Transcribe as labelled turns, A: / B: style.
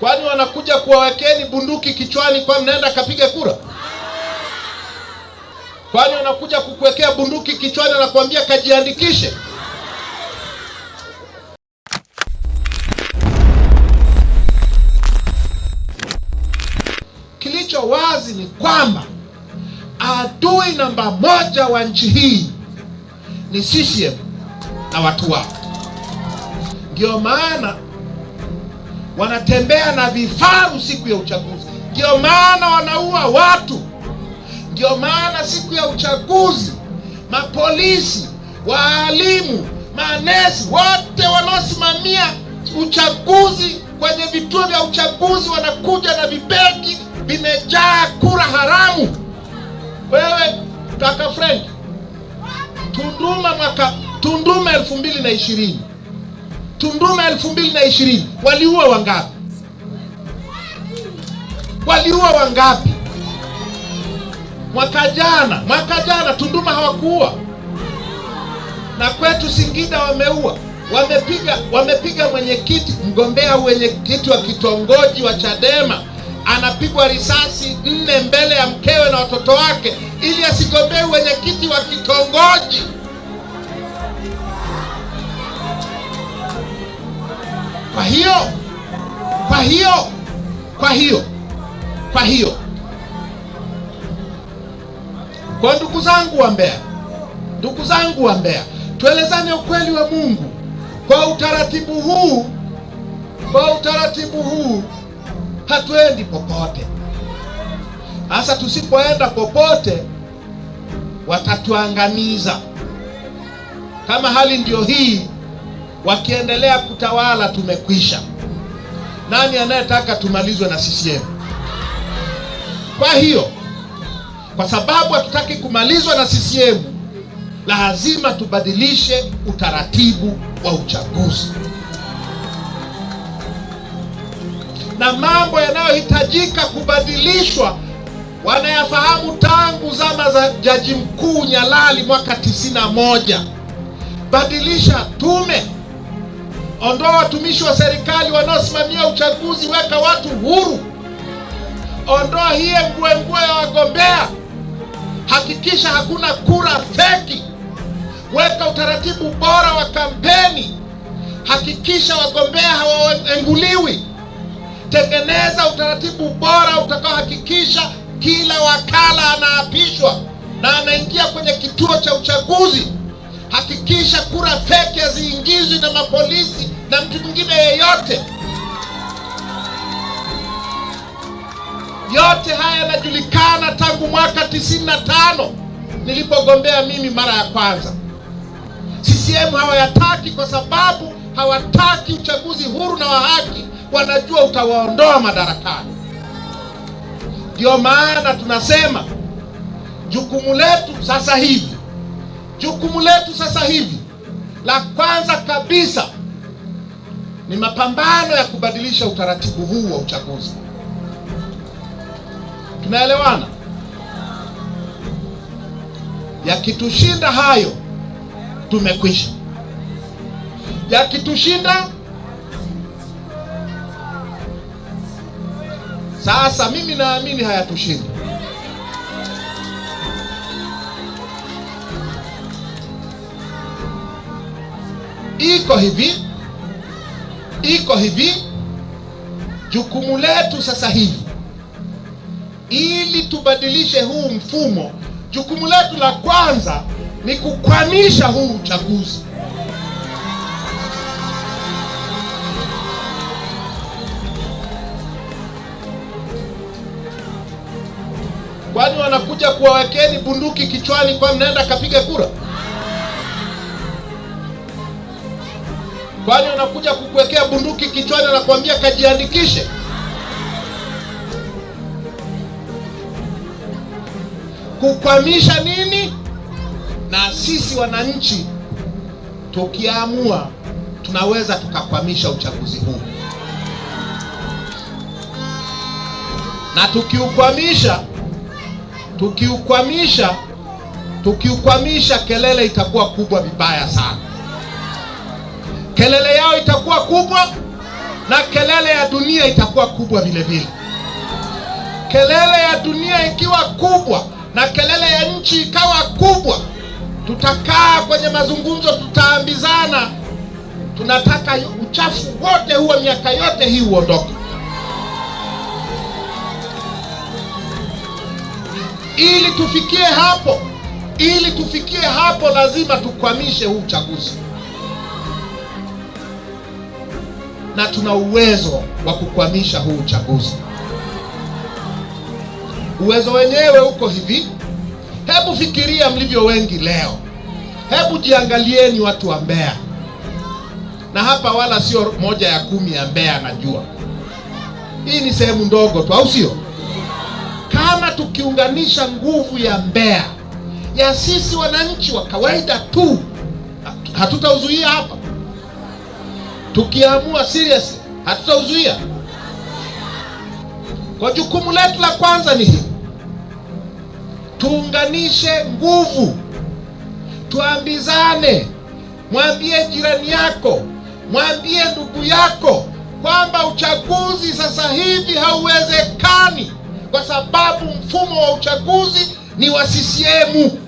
A: Kwani wanakuja kuwawekeni bunduki kichwani kwa mnaenda kapiga kura? Kwani wanakuja kukuwekea bunduki kichwani na kuambia kajiandikishe? Kilicho wazi ni kwamba adui namba moja wa nchi hii ni CCM na watu wao, ndio maana wanatembea na vifaru siku ya uchaguzi. Ndio maana wanaua watu, ndio maana siku ya uchaguzi mapolisi, waalimu, manesi, wote wanaosimamia uchaguzi kwenye vituo vya uchaguzi wanakuja na vibegi vimejaa kura haramu. Wewe kaka Frank, Tunduma mwaka Tunduma elfu mbili na ishirini Tunduma elfu mbili na ishirini waliua wangapi? Waliua wangapi? Mwaka jana, mwaka jana Tunduma hawakuua, na kwetu Singida wameua, wamepiga, wamepiga mwenyekiti, mgombea mwenyekiti wa kitongoji wa Chadema anapigwa risasi nne mbele ya mkewe na watoto wake ili asigombee mwenyekiti wa kitongoji. hiyo kwa hiyo kwa hiyo kwa hiyo kwa ndugu zangu wa Mbeya, ndugu zangu wa Mbeya, tuelezane ukweli wa Mungu. Kwa utaratibu huu, kwa utaratibu huu hatuendi popote. Sasa tusipoenda popote, watatuangamiza. Kama hali ndiyo hii, wakiendelea kutawala tumekwisha. Nani anayetaka tumalizwe na CCM? Kwa hiyo kwa sababu hatutaki kumalizwa na CCM, lazima tubadilishe utaratibu wa uchaguzi na mambo yanayohitajika kubadilishwa wanayafahamu tangu zama za Jaji Mkuu Nyalali mwaka 91. Badilisha tume. Ondoa watumishi wa serikali wanaosimamia uchaguzi, weka watu huru. Ondoa hiye nguo ya wagombea, hakikisha hakuna kura feki. Weka utaratibu bora wa kampeni, hakikisha wagombea hawaenguliwi. Tengeneza utaratibu bora utakaohakikisha kila wakala anaapishwa na anaingia kwenye kituo cha uchaguzi hakikisha kura feki haziingizwi na mapolisi na mtu mwingine yeyote. Yote haya yanajulikana tangu mwaka 95 nilipogombea mimi mara ya kwanza. CCM hawayataki kwa sababu hawataki uchaguzi huru na wa haki, wanajua utawaondoa madarakani. ndio maana tunasema jukumu letu sasa hivi Jukumu letu sasa hivi la kwanza kabisa ni mapambano ya kubadilisha utaratibu huu wa uchaguzi. Tunaelewana? Yakitushinda hayo tumekwisha. Yakitushinda sasa, mimi naamini hayatushindi. iko hivi, iko hivi. Jukumu letu sasa hivi ili tubadilishe huu mfumo, jukumu letu la kwanza ni kukwamisha huu uchaguzi. Kwani wanakuja kuwawekeni bunduki kichwani kwa mnaenda kapiga kura? kwani wanakuja kukuwekea bunduki kichwani, wanakuambia kajiandikishe? Kukwamisha nini? Na sisi wananchi tukiamua, tunaweza tukakwamisha uchaguzi huu, na tukiukwamisha, tukiukwamisha, tukiukwamisha kelele itakuwa kubwa vibaya sana kelele yao itakuwa kubwa na kelele ya dunia itakuwa kubwa vile vile. Kelele ya dunia ikiwa kubwa na kelele ya nchi ikawa kubwa, tutakaa kwenye mazungumzo, tutaambizana, tunataka uchafu wote huo miaka yote hii uondoke, ili tufikie hapo, ili tufikie hapo, lazima tukwamishe huu uchaguzi. na tuna uwezo wa kukwamisha huu uchaguzi. Uwezo wenyewe uko hivi. Hebu fikiria mlivyo wengi leo, hebu jiangalieni watu wa Mbeya, na hapa wala sio moja ya kumi ya Mbeya. Najua hii ni sehemu ndogo tu, au sio? Kama tukiunganisha nguvu ya Mbeya ya sisi wananchi wa kawaida tu, hatutauzuia hapa Tukiamua serious hatutauzuia. Kwa jukumu letu la kwanza ni hili, tuunganishe nguvu, tuambizane. Mwambie jirani yako, mwambie ndugu yako kwamba uchaguzi sasa hivi hauwezekani kwa sababu mfumo wa uchaguzi ni wa CCM.